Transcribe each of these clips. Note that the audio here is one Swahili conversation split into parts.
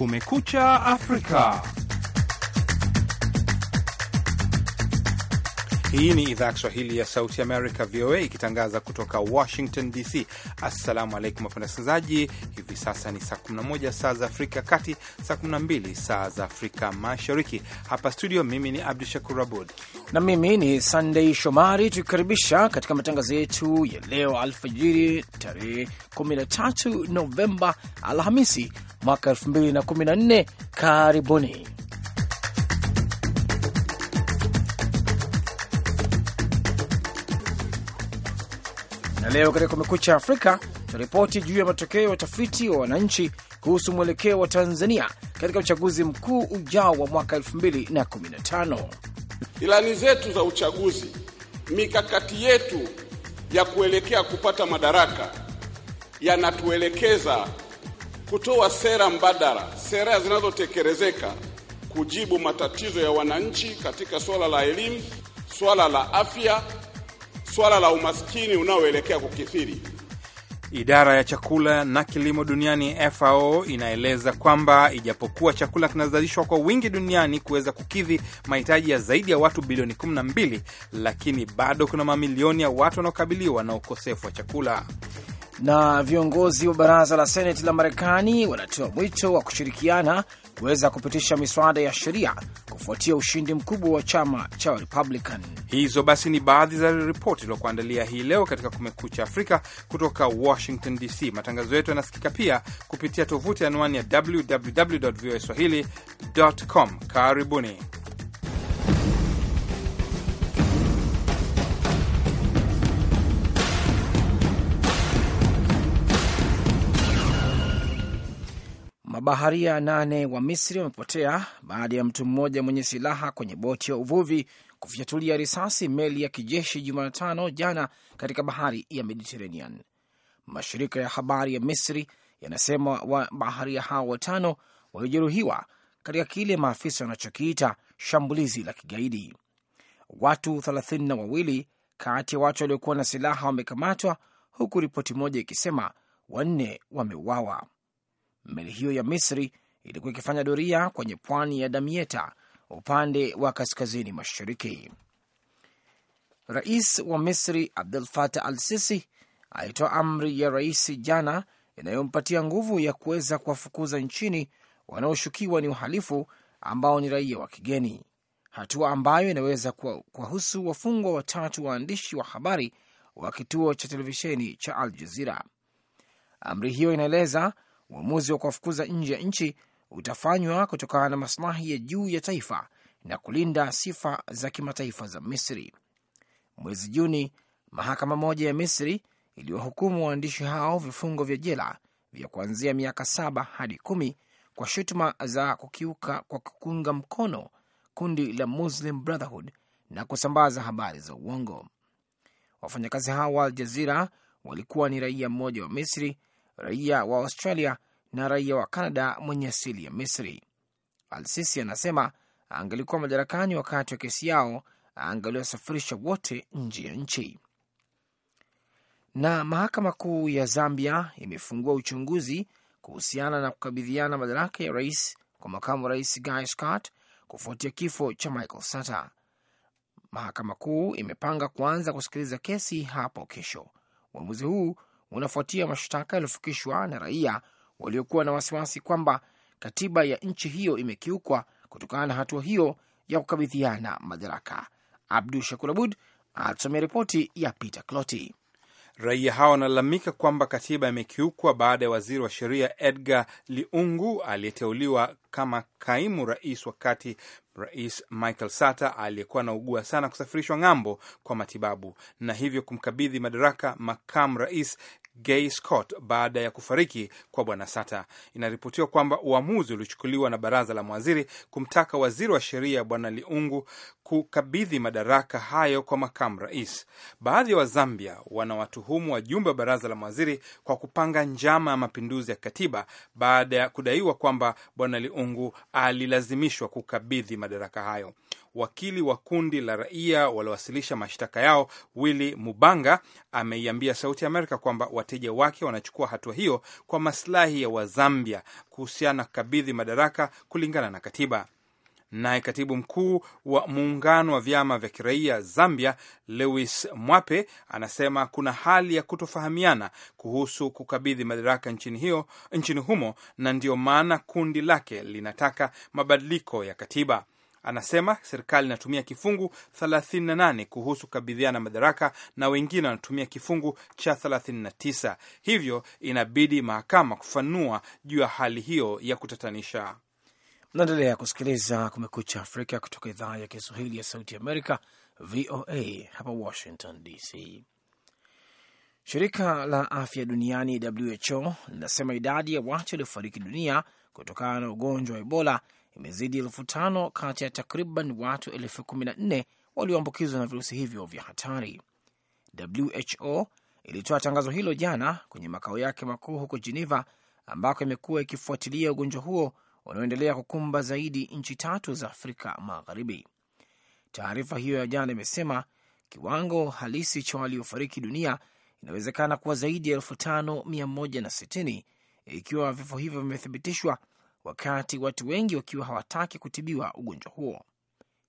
Kumekucha Afrika. Hii ni idhaa ya Kiswahili ya Sauti Amerika, VOA, ikitangaza kutoka Washington DC. Assalamu alaikum wapenda wasikilizaji. Hivi sasa ni saa 11 saa za Afrika Kati, saa 12 saa za Afrika Mashariki. Hapa studio, mimi ni Abdu Shakur Abud na mimi ni Sunday Shomari, tukikaribisha katika matangazo yetu ya leo alfajiri, tarehe 13 Novemba, Alhamisi mwaka 2014. Karibuni na leo katika Kumekucha Afrika tunaripoti juu ya matokeo ya utafiti wa wananchi kuhusu mwelekeo wa Tanzania katika uchaguzi mkuu ujao wa mwaka 2015. Ilani zetu za uchaguzi, mikakati yetu ya kuelekea kupata madaraka yanatuelekeza kutoa sera mbadala, sera zinazotekelezeka kujibu matatizo ya wananchi katika swala la elimu, swala la afya, swala la umaskini unaoelekea kukithiri. Idara ya chakula na kilimo duniani FAO inaeleza kwamba ijapokuwa chakula kinazalishwa kwa wingi duniani kuweza kukidhi mahitaji ya zaidi ya watu bilioni 12, lakini bado kuna mamilioni ya watu wanaokabiliwa na ukosefu wa chakula. Na viongozi wa baraza la seneti la Marekani wanatoa mwito wa kushirikiana kuweza kupitisha miswada ya sheria kufuatia ushindi mkubwa wa chama cha Republican. Hizo basi ni baadhi za ripoti iliokuandalia hii leo katika Kumekucha Afrika kutoka Washington DC. Matangazo yetu yanasikika pia kupitia tovuti anwani ya www voa swahili com. Karibuni. Mabaharia nane wa Misri wamepotea baada ya mtu mmoja mwenye silaha kwenye boti ya uvuvi kufyatulia risasi meli ya kijeshi Jumatano jana katika bahari ya Mediterranean. Mashirika ya habari ya Misri yanasema wabaharia hao watano waliojeruhiwa katika kile maafisa wanachokiita shambulizi la kigaidi. Watu thelathini na wawili kati ya watu waliokuwa na silaha wamekamatwa, huku ripoti moja ikisema wanne wameuawa. Meli hiyo ya Misri ilikuwa ikifanya doria kwenye pwani ya damieta upande wa kaskazini mashariki. Rais wa Misri abdul fatah al Sisi alitoa amri ya rais jana inayompatia nguvu ya kuweza kuwafukuza nchini wanaoshukiwa ni uhalifu ambao ni raia wa kigeni, hatua ambayo inaweza kuwahusu wafungwa watatu waandishi wa habari wa kituo cha televisheni cha Al Jazira. Amri hiyo inaeleza uamuzi wa kuwafukuza nje ya nchi utafanywa kutokana na maslahi ya juu ya taifa na kulinda sifa za kimataifa za Misri. Mwezi Juni, mahakama moja ya Misri iliwahukumu waandishi hao vifungo vya jela vya kuanzia miaka saba hadi kumi kwa shutuma za kukiuka kwa kuunga mkono kundi la Muslim Brotherhood na kusambaza habari za uongo. Wafanyakazi hao wa Aljazira walikuwa ni raia mmoja wa Misri raia wa Australia na raia wa Canada mwenye asili ya Misri. alsisi anasema angelikuwa madarakani wakati wa kesi yao, angaliwasafirisha wote nje ya nchi. Na mahakama kuu ya Zambia imefungua uchunguzi kuhusiana na kukabidhiana madaraka ya rais kwa makamu wa rais Guy Scott kufuatia kifo cha Michael Sata. Mahakama kuu imepanga kuanza kusikiliza kesi hapo kesho. Uamuzi huu unafuatia mashtaka yaliyofikishwa na raia waliokuwa na wasiwasi kwamba katiba ya nchi hiyo imekiukwa kutokana na hatua hiyo ya kukabidhiana madaraka. Abdu Shakur Abud atusomea ripoti ya Peter Cloti. Raia hawa wanalalamika kwamba katiba imekiukwa baada ya waziri wa sheria Edgar Liungu aliyeteuliwa kama kaimu rais wakati Rais Michael Sata aliyekuwa anaugua sana kusafirishwa ng'ambo kwa matibabu na hivyo kumkabidhi madaraka makamu rais Gay Scott baada ya kufariki kwa Bwana Sata. Inaripotiwa kwamba uamuzi uliochukuliwa na baraza la mawaziri kumtaka waziri wa sheria Bwana Liungu kukabidhi madaraka hayo kwa makamu rais. Baadhi ya wa Wazambia wanawatuhumu wajumbe wa baraza la mawaziri kwa kupanga njama ya mapinduzi ya katiba baada ya kudaiwa kwamba Bwana Liungu alilazimishwa kukabidhi madaraka hayo wakili wa kundi la raia waliowasilisha mashtaka yao Willy Mubanga ameiambia Sauti ya Amerika kwamba wateja wake wanachukua hatua hiyo kwa maslahi ya Wazambia kuhusiana na kukabidhi madaraka kulingana na katiba. Naye katibu mkuu wa muungano wa vyama vya kiraia Zambia, Lewis Mwape, anasema kuna hali ya kutofahamiana kuhusu kukabidhi madaraka nchini hiyo, nchini humo, na ndiyo maana kundi lake linataka mabadiliko ya katiba. Anasema serikali inatumia kifungu 38 kuhusu kukabidhiana madaraka na wengine wanatumia kifungu cha 39, hivyo inabidi mahakama kufanua juu ya hali hiyo ya kutatanisha. Naendelea kusikiliza Kumekucha Afrika kutoka idhaa ya Kiswahili ya Sauti Amerika, VOA hapa Washington DC. Shirika la Afya Duniani, WHO, linasema idadi ya watu waliofariki dunia kutokana na ugonjwa wa Ebola imezidi elfu tano kati ya takriban watu elfu kumi na nne walioambukizwa na virusi hivyo vya hatari. WHO ilitoa tangazo hilo jana kwenye makao yake makuu huko Geneva, ambako imekuwa ikifuatilia ugonjwa huo unaoendelea kukumba zaidi nchi tatu za Afrika Magharibi. Taarifa hiyo ya jana imesema kiwango halisi cha waliofariki dunia inawezekana kuwa zaidi ya elfu tano mia moja na sitini ikiwa vifo hivyo vimethibitishwa wakati watu wengi wakiwa hawataki kutibiwa ugonjwa huo.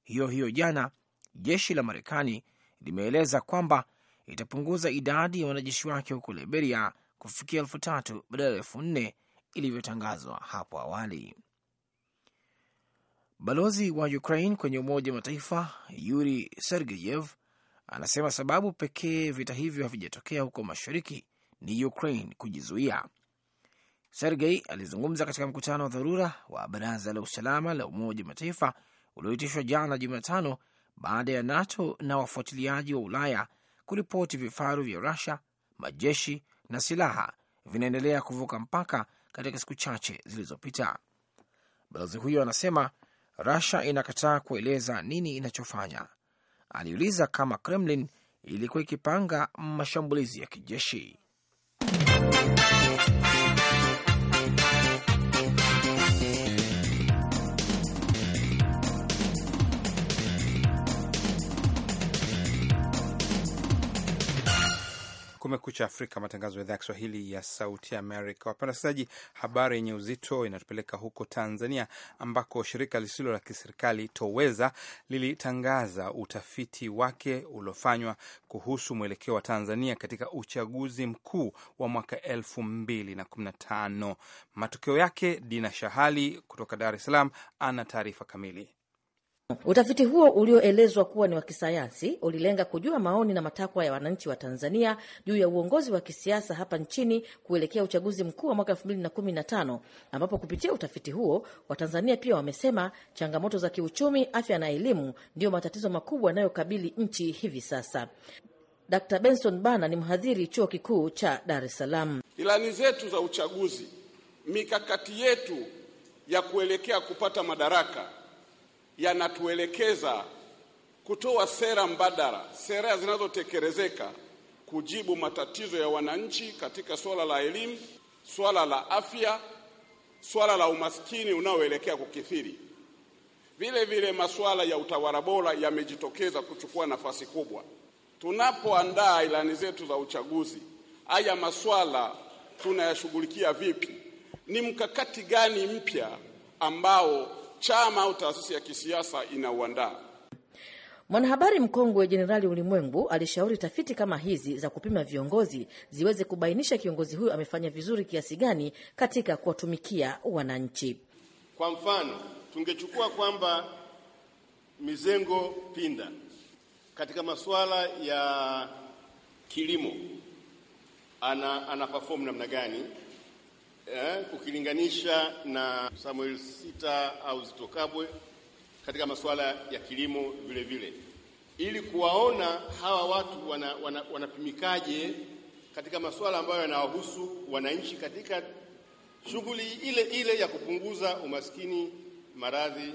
Hiyo hiyo jana, jeshi la Marekani limeeleza kwamba itapunguza idadi ya wanajeshi wake huko Liberia kufikia elfu tatu badala ya elfu nne ilivyotangazwa hapo awali. Balozi wa Ukraine kwenye Umoja wa Mataifa Yuri Sergeyev anasema sababu pekee vita hivyo havijatokea huko mashariki ni Ukraine kujizuia. Sergei alizungumza katika mkutano wa dharura wa baraza la usalama la Umoja wa Mataifa ulioitishwa jana Jumatano baada ya NATO na wafuatiliaji wa Ulaya kuripoti vifaru vya Rusia, majeshi na silaha vinaendelea kuvuka mpaka katika siku chache zilizopita. Balozi huyo anasema Rusia inakataa kueleza nini inachofanya. Aliuliza kama Kremlin ilikuwa ikipanga mashambulizi ya kijeshi. Kumekucha Afrika, matangazo ya idhaa ya Kiswahili ya Sauti Amerika. Wapenda wasikilizaji, habari yenye uzito inatupeleka huko Tanzania, ambako shirika lisilo la kiserikali Toweza lilitangaza utafiti wake uliofanywa kuhusu mwelekeo wa Tanzania katika uchaguzi mkuu wa mwaka elfu mbili na kumi na tano. Matokeo yake, Dina Shahali kutoka Dar es Salaam ana taarifa kamili. Utafiti huo ulioelezwa kuwa ni wa kisayansi ulilenga kujua maoni na matakwa ya wananchi wa Tanzania juu ya uongozi wa kisiasa hapa nchini kuelekea uchaguzi mkuu wa mwaka 2015 ambapo kupitia utafiti huo Watanzania pia wamesema changamoto za kiuchumi, afya na elimu ndiyo matatizo makubwa yanayokabili nchi hivi sasa. Dr. Benson Bana ni mhadhiri chuo kikuu cha Dar es Salaam. Ilani zetu za uchaguzi, mikakati yetu ya kuelekea kupata madaraka yanatuelekeza kutoa sera mbadala, sera zinazotekelezeka kujibu matatizo ya wananchi katika swala la elimu, swala la afya, swala la umaskini unaoelekea kukithiri. Vile vile masuala ya utawala bora yamejitokeza kuchukua nafasi kubwa. Tunapoandaa ilani zetu za uchaguzi, haya masuala tunayashughulikia vipi? Ni mkakati gani mpya ambao chama au taasisi ya kisiasa inauandaa. Mwanahabari mkongwe Jenerali Ulimwengu alishauri tafiti kama hizi za kupima viongozi ziweze kubainisha kiongozi huyo amefanya vizuri kiasi gani katika kuwatumikia wananchi. Kwa mfano, tungechukua kwamba Mizengo Pinda katika masuala ya kilimo ana, ana perform namna gani? eh, ukilinganisha na Samuel Sita au zitokabwe Kabwe katika masuala ya kilimo vile vile, ili kuwaona hawa watu wana, wana, wanapimikaje katika masuala ambayo yanawahusu wananchi katika shughuli ile ile ya kupunguza umaskini, maradhi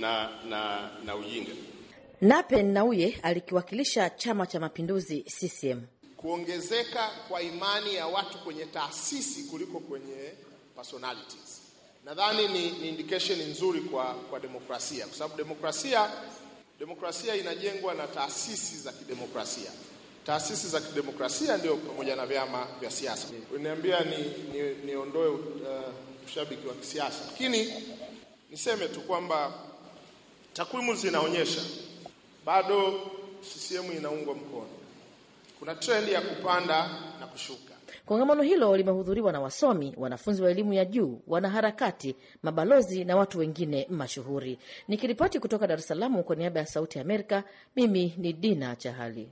na, na, na ujinga. Nape Nnauye alikiwakilisha Chama cha Mapinduzi CCM kuongezeka kwa imani ya watu kwenye taasisi kuliko kwenye personalities. Nadhani ni, ni indication nzuri kwa, kwa demokrasia, kwa sababu demokrasia demokrasia inajengwa na taasisi za kidemokrasia. Taasisi za kidemokrasia ndio pamoja na vyama vya siasa. Uniambia niondoe ni, ni uh, ushabiki wa kisiasa, lakini niseme tu kwamba takwimu zinaonyesha bado CCM inaungwa mkono kuna trendi ya kupanda na kushuka. Kongamano hilo limehudhuriwa na wasomi, wanafunzi wa elimu ya juu, wanaharakati, mabalozi na watu wengine mashuhuri. Nikiripoti kutoka Dar es Salaam kwa niaba ya Sauti ya Amerika, mimi ni Dina Chahali.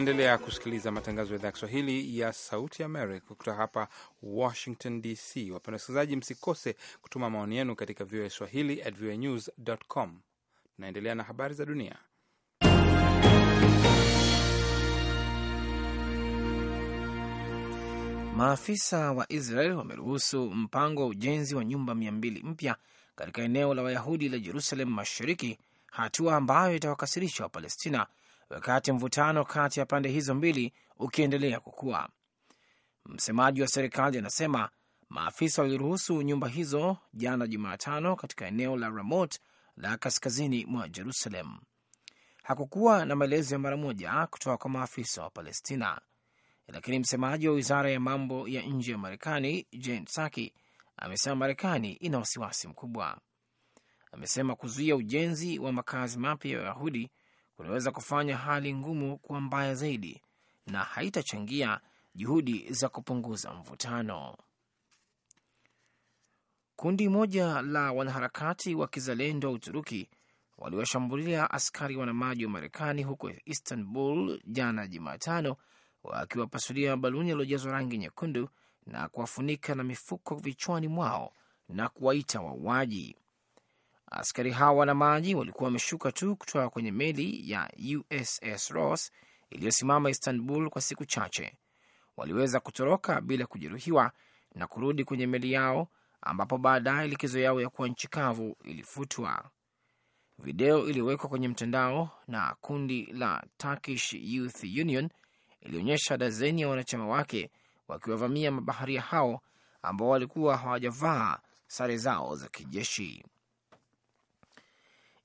Unaendelea kusikiliza matangazo ya idhaa ya Kiswahili ya Sauti Amerika kutoka hapa Washington DC. Wapenda wasikilizaji, msikose kutuma maoni yenu katika VOA Swahili at VOA news com. Tunaendelea na habari za dunia. Maafisa wa Israel wameruhusu mpango wa ujenzi wa nyumba mia mbili mpya katika eneo la Wayahudi la Jerusalem Mashariki, hatua ambayo itawakasirisha Wapalestina wakati mvutano kati ya pande hizo mbili ukiendelea kukua. Msemaji wa serikali anasema maafisa waliruhusu nyumba hizo jana Jumatano katika eneo la Ramot la kaskazini mwa Jerusalem. Hakukuwa na maelezo ya mara moja kutoka kwa maafisa wa Palestina, lakini msemaji wa wizara ya mambo ya nje ya Marekani Jen Psaki amesema Marekani ina wasiwasi mkubwa. Amesema kuzuia ujenzi wa makazi mapya ya Wayahudi kunaweza kufanya hali ngumu kuwa mbaya zaidi na haitachangia juhudi za kupunguza mvutano. Kundi moja la wanaharakati wa kizalendo wa Uturuki waliwashambulia askari wanamaji wa Marekani huko Istanbul jana Jumatano, wakiwapasulia baluni yaliojazwa rangi nyekundu na kuwafunika na mifuko vichwani mwao na kuwaita wauaji. Askari hao wanamaji walikuwa wameshuka tu kutoka kwenye meli ya USS Ross iliyosimama Istanbul kwa siku chache. Waliweza kutoroka bila kujeruhiwa na kurudi kwenye meli yao, ambapo baadaye likizo yao ya kuwa nchi kavu ilifutwa. Video iliyowekwa kwenye mtandao na kundi la Turkish Youth Union ilionyesha dazeni ya wanachama wake wakiwavamia mabaharia hao ambao walikuwa hawajavaa sare zao za kijeshi.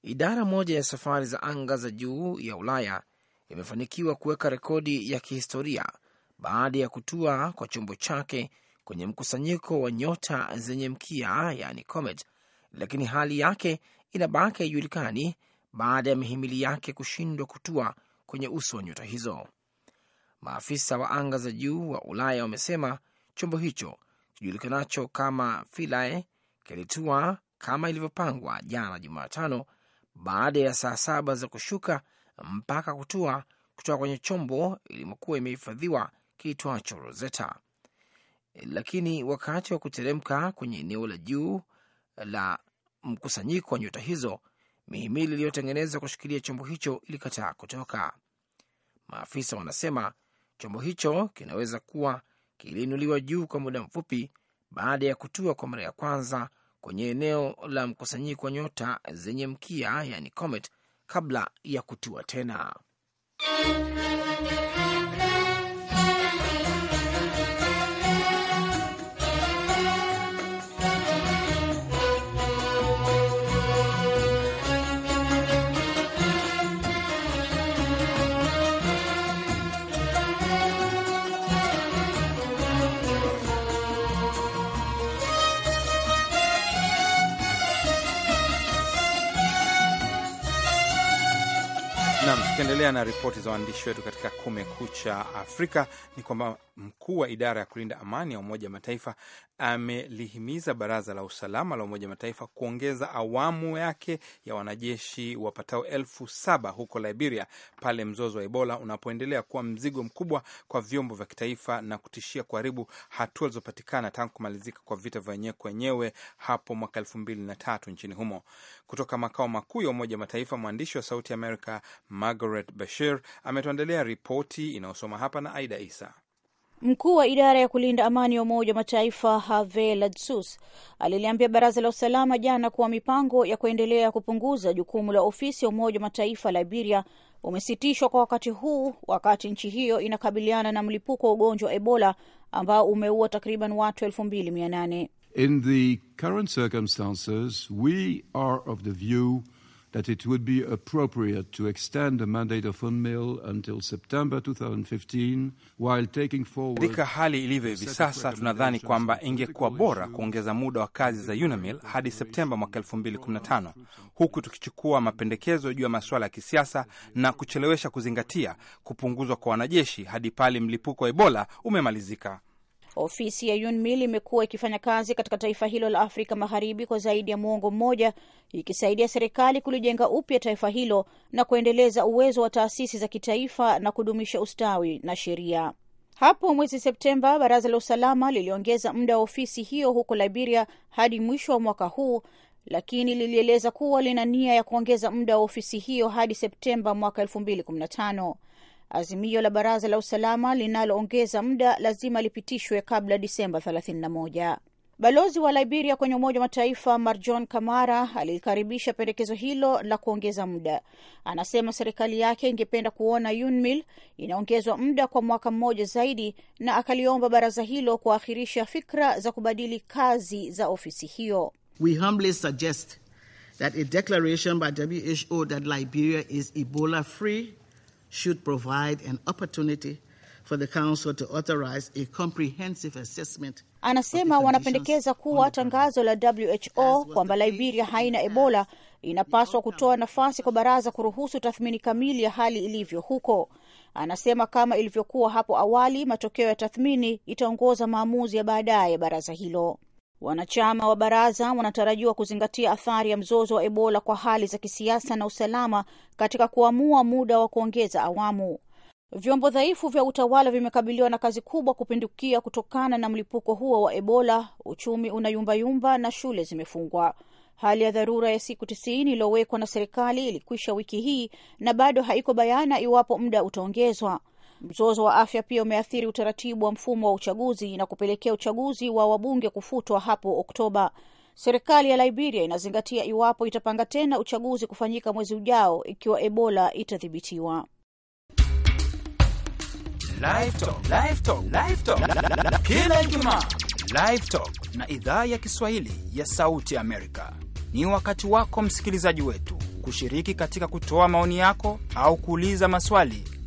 Idara moja ya safari za anga za juu ya Ulaya imefanikiwa kuweka rekodi ya kihistoria baada ya kutua kwa chombo chake kwenye mkusanyiko wa nyota zenye mkia, yani comet, lakini hali yake inabaki haijulikani baada ya mihimili yake kushindwa kutua kwenye uso wa nyota hizo. Maafisa wa anga za juu wa Ulaya wamesema chombo hicho kijulikanacho kama Philae kilitua kama ilivyopangwa jana Jumatano baada ya saa saba za kushuka mpaka kutua kutoka kwenye chombo ilimokuwa imehifadhiwa kiitwacho Rosetta. Lakini wakati wa kuteremka kwenye eneo la juu la mkusanyiko wa nyota hizo, mihimili iliyotengenezwa kushikilia chombo hicho ilikataa kutoka. Maafisa wanasema chombo hicho kinaweza kuwa kiliinuliwa juu kwa muda mfupi baada ya kutua kwa mara ya kwanza kwenye eneo la mkusanyiko wa nyota zenye mkia, yani comet, kabla ya kutua tena. Tukiendelea na ripoti za waandishi wetu katika Kumekucha Afrika ni kwamba mkuu wa idara ya kulinda amani ya Umoja Mataifa amelihimiza Baraza la Usalama la Umoja Mataifa kuongeza awamu yake ya wanajeshi wapatao elfu saba huko Liberia pale mzozo wa Ebola unapoendelea kuwa mzigo mkubwa kwa vyombo vya kitaifa na kutishia kuharibu hatua zilizopatikana tangu kumalizika kwa vita vya wenyewe kwa wenyewe hapo mwaka elfu mbili na tatu nchini humo. Kutoka makao makuu ya Umoja Mataifa, mwandishi wa Sauti Amerika Margaret Bashir ametuandalia ripoti inayosoma hapa na Aida Isa. Mkuu wa idara ya kulinda amani ya Umoja wa Mataifa Have Ladsus aliliambia baraza la usalama jana kuwa mipango ya kuendelea kupunguza jukumu la ofisi ya Umoja wa Mataifa Liberia umesitishwa kwa wakati huu, wakati nchi hiyo inakabiliana na mlipuko wa ugonjwa wa Ebola ambao umeua takriban watu elfu mbili mia nane. In the current circumstances, we are of the view that it would be appropriate to extend the mandate of UNMIL until September 2015 while taking forward. Katika hali ilivyo hivi sasa, tunadhani kwamba ingekuwa bora kuongeza muda wa kazi za UNMIL hadi Septemba mwaka 2015 huku tukichukua mapendekezo juu ya masuala ya kisiasa na kuchelewesha kuzingatia kupunguzwa kwa wanajeshi hadi pale mlipuko wa Ebola umemalizika. Ofisi ya UNMIL imekuwa ikifanya kazi katika taifa hilo la Afrika Magharibi kwa zaidi ya muongo mmoja, ikisaidia serikali kulijenga upya taifa hilo na kuendeleza uwezo wa taasisi za kitaifa na kudumisha ustawi na sheria. Hapo mwezi Septemba, baraza la usalama liliongeza muda wa ofisi hiyo huko Liberia hadi mwisho wa mwaka huu, lakini lilieleza kuwa lina nia ya kuongeza muda wa ofisi hiyo hadi Septemba mwaka tano Azimio la Baraza la Usalama linaloongeza muda lazima lipitishwe kabla Disemba 31. Balozi wa Liberia kwenye Umoja wa Mataifa Marjon Kamara alikaribisha pendekezo hilo la kuongeza muda. Anasema serikali yake ingependa kuona UNMIL inaongezwa muda kwa mwaka mmoja zaidi, na akaliomba baraza hilo kuahirisha fikra za kubadili kazi za ofisi hiyo. We humbly suggest that a declaration by WHO that Liberia is Ebola free should provide an opportunity for the council to authorize a comprehensive assessment. Anasema wanapendekeza kuwa tangazo la WHO kwamba Liberia haina Ebola inapaswa kutoa nafasi kwa baraza kuruhusu tathmini kamili ya hali ilivyo huko. Anasema kama ilivyokuwa hapo awali, matokeo ya tathmini itaongoza maamuzi ya baadaye ya baraza hilo. Wanachama wa baraza wanatarajiwa kuzingatia athari ya mzozo wa Ebola kwa hali za kisiasa na usalama katika kuamua muda wa kuongeza awamu. Vyombo dhaifu vya utawala vimekabiliwa na kazi kubwa kupindukia kutokana na mlipuko huo wa Ebola. Uchumi unayumbayumba na shule zimefungwa. Hali ya dharura ya siku tisini iliyowekwa na serikali ilikwisha wiki hii na bado haiko bayana iwapo muda utaongezwa. Mzozo wa afya pia umeathiri utaratibu wa mfumo wa uchaguzi na kupelekea uchaguzi wa wabunge kufutwa hapo Oktoba. Serikali ya Liberia inazingatia iwapo itapanga tena uchaguzi kufanyika mwezi ujao ikiwa Ebola itadhibitiwa. Kila Ijumaa Live Talk na idhaa ya Kiswahili ya Sauti Amerika ni wakati wako msikilizaji wetu kushiriki katika kutoa maoni yako au kuuliza maswali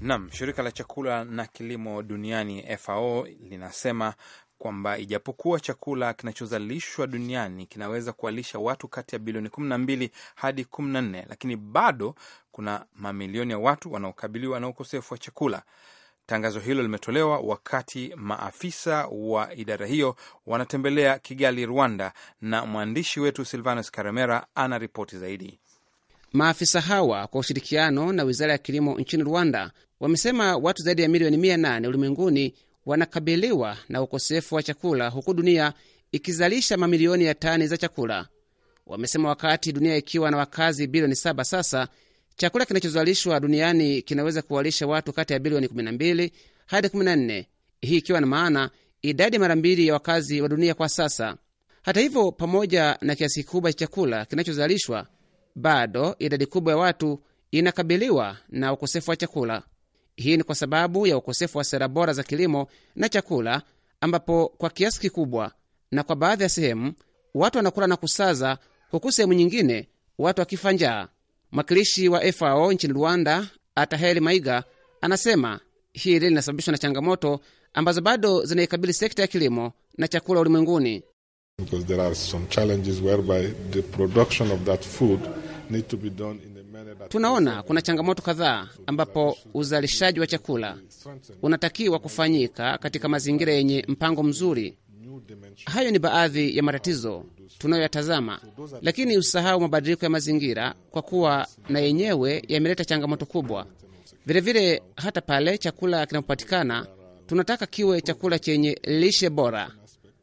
Naam, shirika la chakula na kilimo duniani FAO linasema kwamba ijapokuwa chakula kinachozalishwa duniani kinaweza kuwalisha watu kati ya bilioni kumi na mbili hadi kumi na nne lakini bado kuna mamilioni ya watu wanaokabiliwa na ukosefu wa chakula. Tangazo hilo limetolewa wakati maafisa wa idara hiyo wanatembelea Kigali, Rwanda, na mwandishi wetu Silvanus Karemera ana ripoti zaidi. Maafisa hawa kwa ushirikiano na wizara ya kilimo nchini Rwanda wamesema watu zaidi ya milioni 8 ulimwenguni wanakabiliwa na ukosefu wa chakula huku dunia ikizalisha mamilioni ya tani za chakula. Wamesema wakati dunia ikiwa na wakazi bilioni 7 sasa, chakula kinachozalishwa duniani kinaweza kuwalisha watu kati ya bilioni 12 hadi 14, hii ikiwa na maana idadi mara mbili ya wakazi wa dunia kwa sasa. Hata hivyo, pamoja na kiasi kikubwa cha chakula kinachozalishwa, bado idadi kubwa ya watu inakabiliwa na ukosefu wa chakula. Hii ni kwa sababu ya ukosefu wa sera bora za kilimo na chakula, ambapo kwa kiasi kikubwa na kwa baadhi ya sehemu watu wanakula na kusaza, huku sehemu nyingine watu wakifa njaa. Mwakilishi wa FAO nchini Rwanda, Ataheli Maiga, anasema hili linasababishwa na changamoto ambazo bado zinaikabili sekta ya kilimo na chakula ulimwenguni. Tunaona kuna changamoto kadhaa ambapo uzalishaji wa chakula unatakiwa kufanyika katika mazingira yenye mpango mzuri. Hayo ni baadhi ya matatizo tunayoyatazama, lakini usahau mabadiliko ya mazingira, kwa kuwa na yenyewe yameleta changamoto kubwa vilevile vile. Hata pale chakula kinapopatikana, tunataka kiwe chakula chenye lishe bora,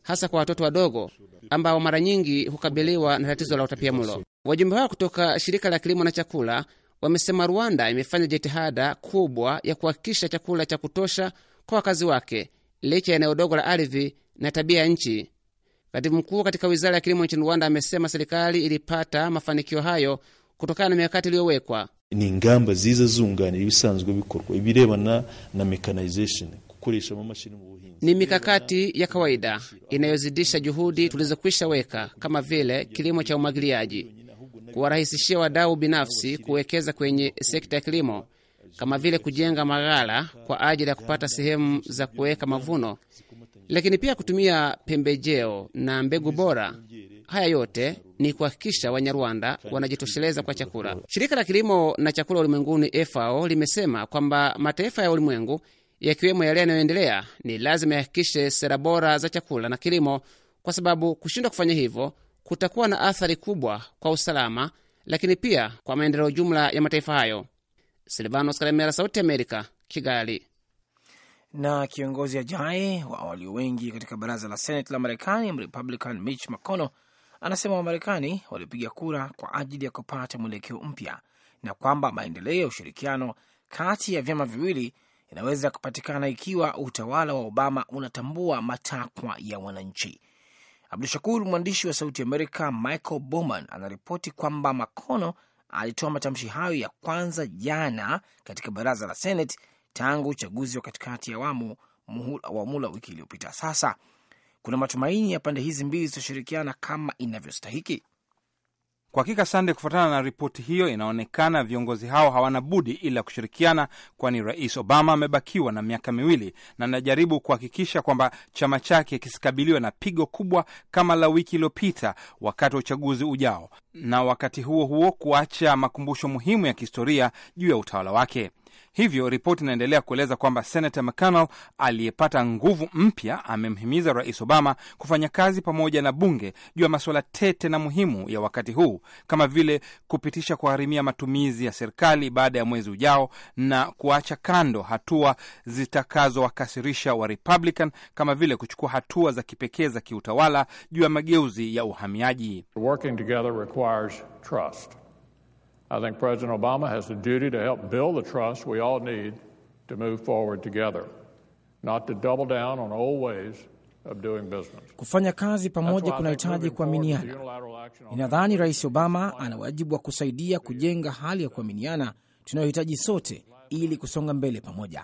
hasa kwa watoto wadogo ambao mara nyingi hukabiliwa na tatizo la utapiamlo. Wajumbe hao kutoka shirika la kilimo na chakula wamesema Rwanda imefanya jitihada kubwa ya kuhakikisha chakula cha kutosha kwa wakazi wake licha ya eneo dogo la ardhi na tabia ya nchi. Katibu mkuu katika wizara ya kilimo nchini Rwanda amesema serikali ilipata mafanikio hayo kutokana na mikakati iliyowekwa. ni ngamba ziza ibisanzwe bikorwa ibirebana na mechanization kukoresha amamashini mu buhinzi, ni mikakati ya kawaida inayozidisha juhudi tulizokwisha weka kama vile kilimo cha umwagiliaji kuwarahisishia wadau binafsi kuwekeza kwenye sekta ya kilimo kama vile kujenga maghala kwa ajili ya kupata sehemu za kuweka mavuno, lakini pia kutumia pembejeo na mbegu bora. Haya yote ni kuhakikisha Wanyarwanda wanajitosheleza kwa chakula. Shirika la kilimo na chakula ulimwenguni FAO limesema kwamba mataifa ya ulimwengu yakiwemo yale yanayoendelea ni lazima yahakikishe sera bora za chakula na kilimo, kwa sababu kushindwa kufanya hivyo kutakuwa na athari kubwa kwa usalama, lakini pia kwa maendeleo jumla ya mataifa hayo. Silvanos Sauti Amerika, Kigali. Na kiongozi ajaye wa walio wengi katika baraza la senati la Marekani, Mrepublican Mitch McConnell anasema Wamarekani walipiga kura kwa ajili ya kupata mwelekeo mpya na kwamba maendeleo ya ushirikiano kati ya vyama viwili inaweza kupatikana ikiwa utawala wa Obama unatambua matakwa ya wananchi. Abdu Shakur, mwandishi wa Sauti Amerika Michael Bowman anaripoti kwamba Makono alitoa matamshi hayo ya kwanza jana katika baraza la Senate tangu uchaguzi wa katikati ya awamu wa mula wiki iliyopita. Sasa kuna matumaini ya pande hizi mbili zitashirikiana kama inavyostahiki. Kwa hakika Sande, kufuatana na ripoti hiyo, inaonekana viongozi hao hawana budi ila kushirikiana, kwani Rais Obama amebakiwa na miaka miwili na anajaribu kuhakikisha kwamba chama chake kisikabiliwe na pigo kubwa kama la wiki iliyopita wakati wa uchaguzi ujao, na wakati huo huo kuacha makumbusho muhimu ya kihistoria juu ya utawala wake. Hivyo ripoti inaendelea kueleza kwamba senato McConnell aliyepata nguvu mpya amemhimiza Rais Obama kufanya kazi pamoja na bunge juu ya masuala tete na muhimu ya wakati huu kama vile kupitisha kuharimia matumizi ya serikali baada ya mwezi ujao na kuacha kando hatua zitakazowakasirisha wa Republican kama vile kuchukua hatua za kipekee za kiutawala juu ya mageuzi ya uhamiaji. Working together requires trust. I think President Obama has a duty to help build the trust we all need to move forward together, not to double down on old ways of doing business. Kufanya kazi pamoja kunahitaji kuaminiana. Ninadhani Rais Obama ana wajibu wa kusaidia kujenga hali ya kuaminiana tunayohitaji sote ili kusonga mbele pamoja.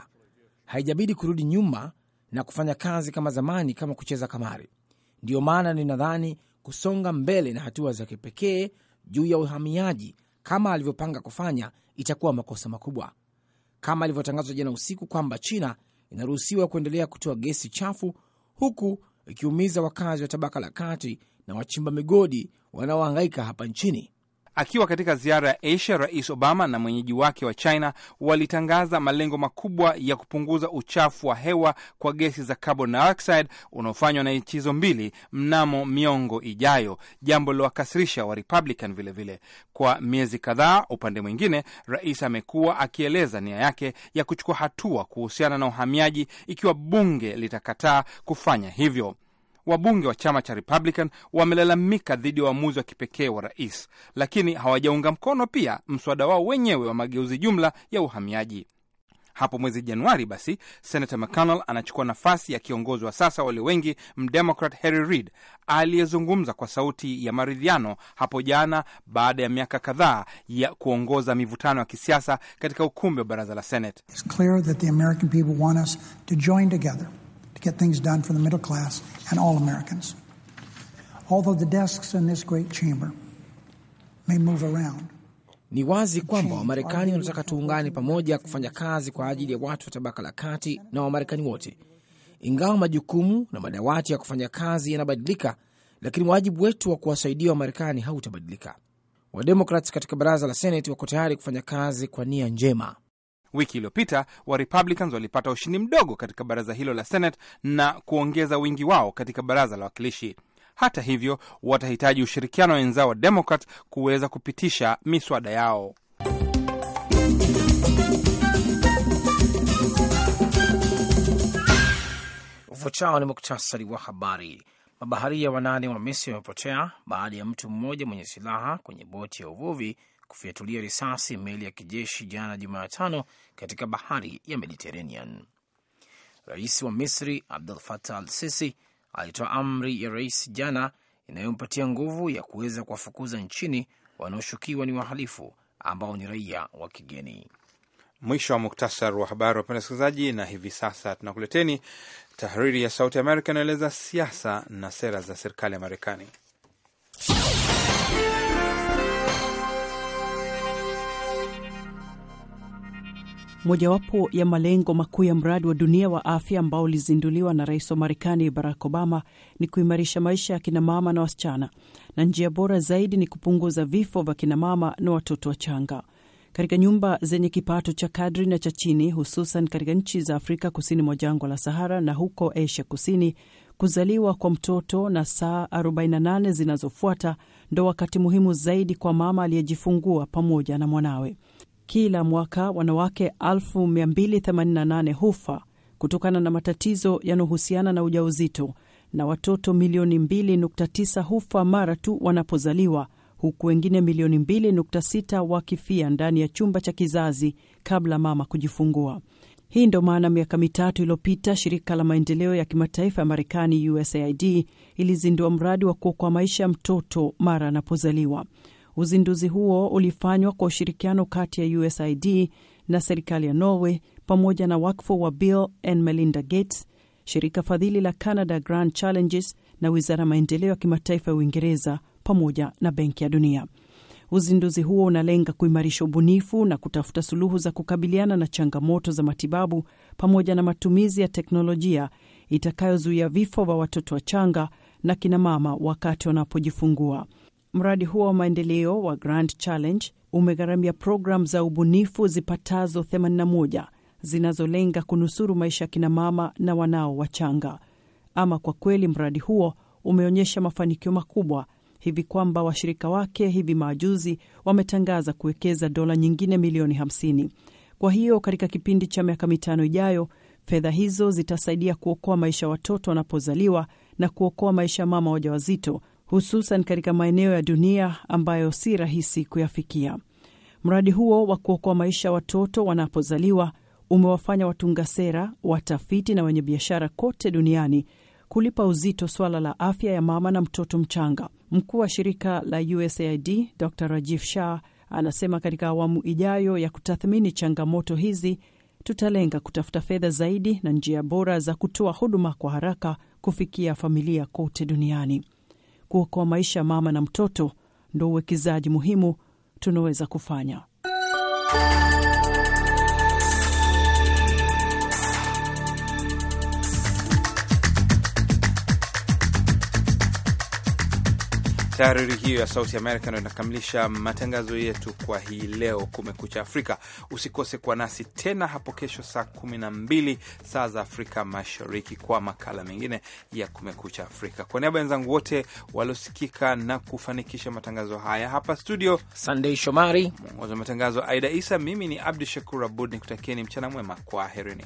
Haijabidi kurudi nyuma na kufanya kazi kama zamani, kama kucheza kamari. Ndiyo maana ninadhani kusonga mbele na hatua za kipekee juu ya uhamiaji kama alivyopanga kufanya, itakuwa makosa makubwa, kama alivyotangazwa jana usiku kwamba China inaruhusiwa kuendelea kutoa gesi chafu huku ikiumiza wakazi wa tabaka la kati na wachimba migodi wanaohangaika hapa nchini Akiwa katika ziara ya Asia, Rais Obama na mwenyeji wake wa China walitangaza malengo makubwa ya kupunguza uchafu wa hewa kwa gesi za carbon dioxide unaofanywa na nchi hizo mbili mnamo miongo ijayo, jambo lilowakasirisha wa Republican vilevile vile. Kwa miezi kadhaa, upande mwingine, rais amekuwa akieleza nia yake ya kuchukua hatua kuhusiana na uhamiaji ikiwa bunge litakataa kufanya hivyo. Wabunge wa chama cha Republican wamelalamika dhidi ya uamuzi wa kipekee wa rais, lakini hawajaunga mkono pia mswada wao wenyewe wa mageuzi jumla ya uhamiaji. Hapo mwezi Januari, basi Senator McConnell anachukua nafasi ya kiongozi wa sasa walio wengi Mdemokrat Harry Reid aliyezungumza kwa sauti ya maridhiano hapo jana baada ya miaka kadhaa ya kuongoza mivutano ya kisiasa katika ukumbi wa baraza la Senate. It's clear that the American people want us to join together get things done for the middle class and all Americans. Although the desks in this great chamber may move around, ni wazi kwamba Wamarekani wanataka tuungane pamoja kufanya kazi kwa ajili ya watu wa tabaka la kati na Wamarekani wote. Ingawa majukumu na madawati ya kufanya kazi yanabadilika, lakini wajibu wetu wa kuwasaidia Wamarekani hautabadilika. Wademokrats katika baraza la Seneti wako tayari kufanya kazi kwa nia njema. Wiki iliyopita wa Republicans walipata ushindi mdogo katika baraza hilo la Senate na kuongeza wingi wao katika baraza la wakilishi. Hata hivyo, watahitaji ushirikiano wenzao wa Demokrat kuweza kupitisha miswada yao. Ufuatao ni muktasari wa habari. Mabaharia wanane wa Misri wamepotea baada ya mtu mmoja mwenye silaha kwenye boti ya uvuvi kufyatulia risasi meli ya kijeshi jana Jumatano katika bahari ya Mediterranean. Rais wa Misri Abdul Fatah al Sisi alitoa amri ya rais jana inayompatia nguvu ya kuweza kuwafukuza nchini wanaoshukiwa ni wahalifu ambao ni raia wa kigeni. Mwisho wa muktasar wa habari, wapenda wasikilizaji, na hivi sasa tunakuleteni tahariri ya Sauti Amerika inaeleza siasa na sera za serikali ya Marekani. Mojawapo ya malengo makuu ya mradi wa dunia wa afya ambao ulizinduliwa na rais wa Marekani Barack Obama ni kuimarisha maisha ya kinamama na wasichana, na njia bora zaidi ni kupunguza vifo vya kinamama na watoto wachanga katika nyumba zenye kipato cha kadri na cha chini, hususan katika nchi za Afrika kusini mwa jangwa la Sahara na huko Asia Kusini. Kuzaliwa kwa mtoto na saa 48 zinazofuata ndo wakati muhimu zaidi kwa mama aliyejifungua pamoja na mwanawe. Kila mwaka wanawake 288 hufa kutokana na matatizo yanayohusiana na ujauzito na watoto milioni 2.9 hufa mara tu wanapozaliwa huku wengine milioni 2.6 wakifia ndani ya chumba cha kizazi kabla mama kujifungua. Hii ndo maana miaka mitatu iliyopita shirika la maendeleo ya kimataifa ya Marekani, USAID, ilizindua mradi wa kuokoa maisha ya mtoto mara anapozaliwa. Uzinduzi huo ulifanywa kwa ushirikiano kati ya USAID na serikali ya Norway pamoja na wakfu wa Bill and Melinda Gates, shirika fadhili la Canada Grand Challenges na wizara ya maendeleo ya kimataifa ya Uingereza pamoja na Benki ya Dunia. Uzinduzi huo unalenga kuimarisha ubunifu na kutafuta suluhu za kukabiliana na changamoto za matibabu pamoja na matumizi ya teknolojia itakayozuia vifo vya watoto wachanga na kinamama wakati wanapojifungua. Mradi huo wa maendeleo wa Grand Challenge umegharamia programu za ubunifu zipatazo 81 zinazolenga kunusuru maisha ya kinamama na wanao wachanga. Ama kwa kweli, mradi huo umeonyesha mafanikio makubwa hivi kwamba washirika wake hivi majuzi wametangaza kuwekeza dola nyingine milioni 50. Kwa hiyo katika kipindi cha miaka mitano ijayo, fedha hizo zitasaidia kuokoa maisha ya watoto wanapozaliwa na kuokoa maisha ya mama wajawazito hususan katika maeneo ya dunia ambayo si rahisi kuyafikia. Mradi huo wa kuokoa maisha watoto wanapozaliwa umewafanya watunga sera, watafiti na wenye biashara kote duniani kulipa uzito swala la afya ya mama na mtoto mchanga. Mkuu wa shirika la USAID Dr Rajiv Shah anasema katika awamu ijayo ya kutathmini changamoto hizi, tutalenga kutafuta fedha zaidi na njia bora za kutoa huduma kwa haraka kufikia familia kote duniani kuokoa maisha ya mama na mtoto ndo uwekezaji muhimu tunaweza kufanya. Tahariri hiyo ya Sauti Amerika ndo inakamilisha matangazo yetu kwa hii leo, Kumekucha Afrika. Usikose kuwa nasi tena hapo kesho saa kumi na mbili saa za Afrika Mashariki kwa makala mengine ya Kumekucha Afrika. Kwa niaba ya wenzangu wote waliosikika na kufanikisha matangazo haya hapa studio, Sandei Shomari mwongozi wa matangazo, Aida Isa, mimi ni Abdu Shakur Abud nikutakieni mchana mwema, kwa herini.